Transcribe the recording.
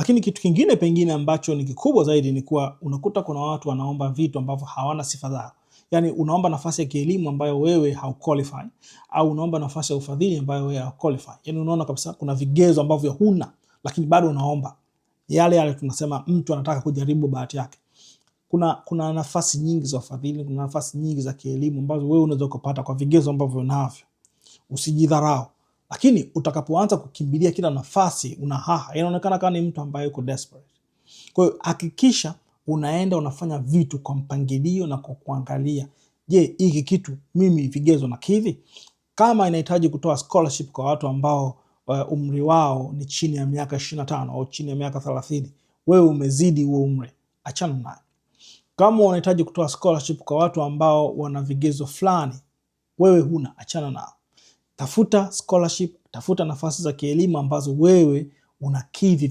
Lakini kitu kingine pengine ambacho ni kikubwa zaidi ni kuwa unakuta kuna watu wanaomba vitu ambavyo hawana sifa zao. Yaani unaomba nafasi ya kielimu ambayo wewe hauqualify au unaomba nafasi ya ufadhili ambayo wewe hauqualify. Yaani unaona kabisa kuna vigezo ambavyo huna lakini bado unaomba. Yale yale tunasema mtu anataka kujaribu bahati yake. Kuna kuna nafasi nyingi za ufadhili, kuna nafasi nyingi za kielimu ambazo wewe unaweza kupata kwa vigezo ambavyo unavyo. Usijidharau. Lakini utakapoanza kukimbilia kila nafasi, una haha, inaonekana kama ni mtu ambaye uko desperate. Kwa hiyo hakikisha unaenda unafanya vitu kwa mpangilio na kwa kuangalia, je, hiki kitu mimi vigezo na kivi kama inahitaji kutoa scholarship kwa watu ambao eh, umri wao ni chini ya miaka 25 au chini ya miaka 30, wewe umezidi huo umri, achana naye Kama unahitaji kutoa scholarship kwa watu ambao wana vigezo fulani, wewe huna, achana nao. Tafuta scholarship, tafuta nafasi za kielimu ambazo wewe unakidhi